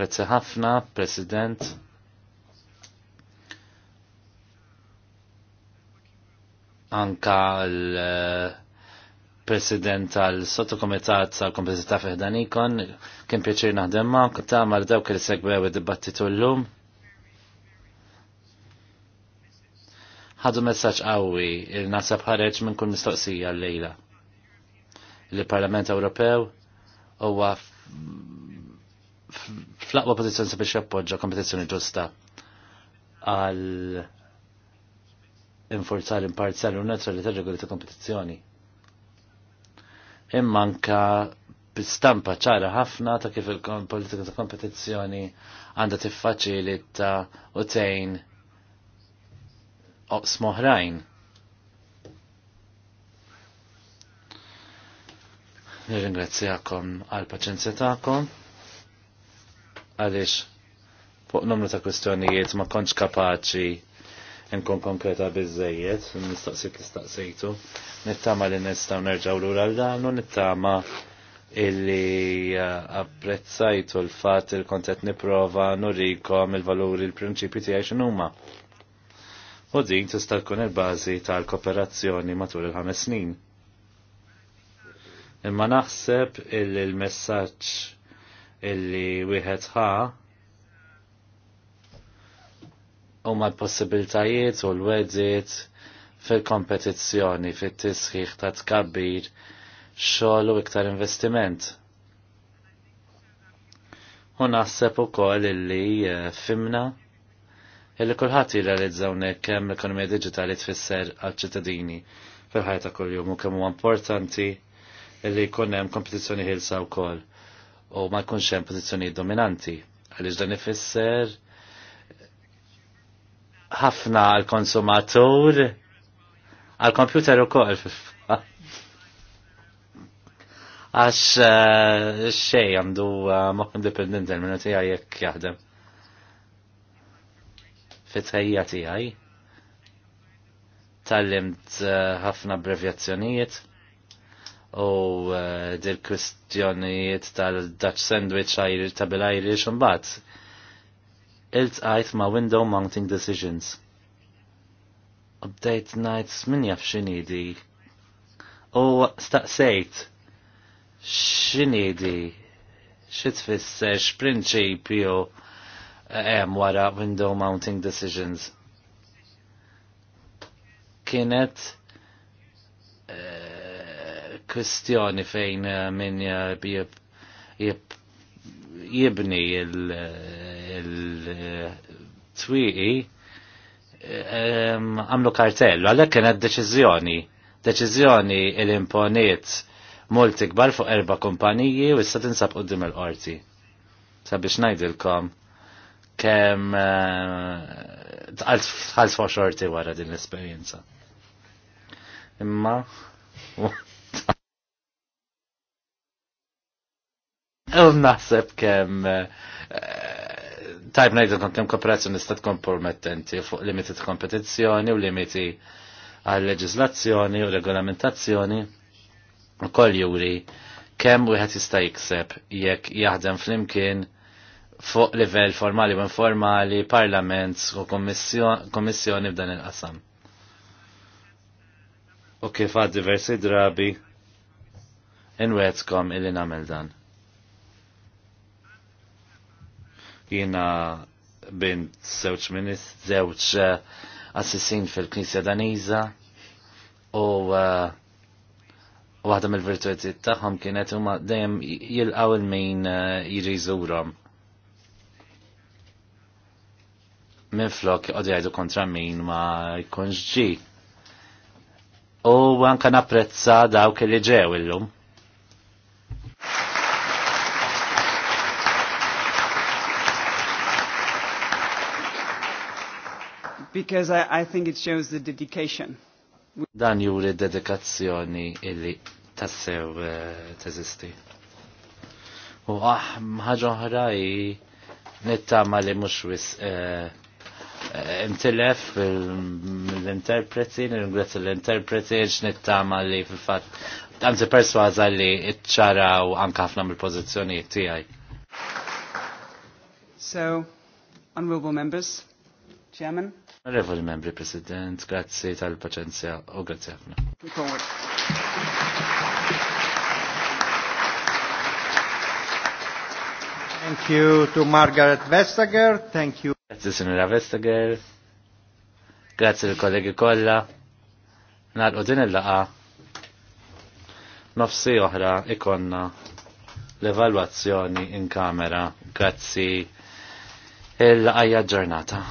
Grazzi ħafna, President. Anka l-President tal-Sottokomitat tal-Kompetita Fehdanikon, kien pjaċir naħdem ma' mardew kelli segwew id-dibattitu l-lum. ħadu messaċ qawwi il-nasab ħareġ minn kull mistoqsija l-lejla. Il-Parlament Ewropew huwa flaqwa pozizjoni sabiex jappoġġa kompetizzjoni ġusta għal infurzar imparzjali u li terregoli ta' kompetizzjoni. Imma anka bistampa ċara ħafna ta' kif il-politika ta' kompetizzjoni għandha tiffaċilita u tejn oqs Nirringrazzjakom għal paċenzja tagħkom għaliex fuq numru ta' kustjonijiet ma kontx kapaċi nkun konkreta bizzejiet, nistaqsik istaqsejtu, nittama li nistaw nerġaw lura għal dan u nittama illi uh, apprezzajtu l-fat il-kontet niprofa nurikom il-valuri l-prinċipi tijaj xinuma. U din tista' tkun il-bażi tal-kooperazzjoni matul il-ħames snin. Imma naħseb il-messaġġ il messagġ il messaġġ illi wieħed ħa huma l-possibiltajiet u l-wedżiet fil-kompetizzjoni fit-tisħiħ ta' tkabbir xogħol u iktar investiment. U naħseb ukoll illi eh, fimna illi kulħadd jirrealizzaw kemm l-ekonomija diġitali tfisser għal-ċittadini fil-ħajta kuljum u kemm huwa importanti illi jkun hemm kompetizzjoni ħilsa wkoll u ma jkunx hemm pożizzjonijiet dominanti għaliex dan ifisser ħafna għal konsumatur għal kompjuter ukoll għax eh, xej għandu eh, moħ independent minn tijaj jekk jaħdem. Fitħajja tijaj. Tallimt eh, ħafna abbrevjazzjonijiet u uh, dir kwistjonijiet tal-Dutch Sandwich Irish ta' bil-Irish mbagħad iltqajt ma' Window Mounting Decisions. Update nights min jaf x'inidi. U staqsejt x'inidi Xit tfisser x'prinċipju eh, hemm wara Window Mounting Decisions. Kienet kwestjoni fejn eh, minn eh, jibni il-twiqi eh, ehm, għamlu kartellu, għalhekk kienet deċiżjoni, deċiżjoni il-imponiet multi kbar fuq erba' kumpaniji u issa tinsab qudiem il-qorti. Sabiex ngħidilkom kemm tqalt fuq xorti wara din l-esperjenza. Imma Naħseb kem eh, tajb najdu kon kem kooperazzjoni stat kompromettenti fuq limiti ta' kompetizzjoni u limiti għal leġizlazzjoni u regolamentazzjoni u koll juri kem u jħat jista' jikseb jekk jaħdem flimkien fuq livell formali u informali, parlament u kommissjoni f'dan il-qasam. U kif għad diversi drabi, il-li namel dan. Jina bint zewċ minist, zewċ eh, assessin fil-Knisja Daniza u eh, waħda mill-virtuetit tagħhom kienet huma dejjem jilqgħu il-min eh, jiġi jżurhom. Minn flok qogħdu jgħidu kontra min ma jkunx ġi. U anke napprezza dawk li ġew illum. because I, I think it shows the dedication. Dan juri dedikazzjoni illi tassew eh, tazisti. U ah, ħaġa oħra nittama li mhux wis eh, eh, imtilef l-interpreti, nirringrazzja l-interpreti, nittama li fil fat għanzi perswaza li iċċaraw u għankafna mil-pozizjoni tijaj. So, honorable members, Chairman, Onorevoli membri, President, grazie tal pacenzia u grazie ħafna. Thank you to Margaret Vestager, thank you. Grazzi signora Vestager, grazzi al collega Colla. nalqu din il-laqa, nofsi oħra ikonna l-evaluazzjoni in kamera, grazzi il-laqja ġurnata.